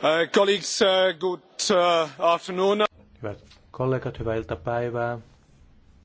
Uh, colleagues, uh, good uh, Hyvät kollegat, hyvää iltapäivää.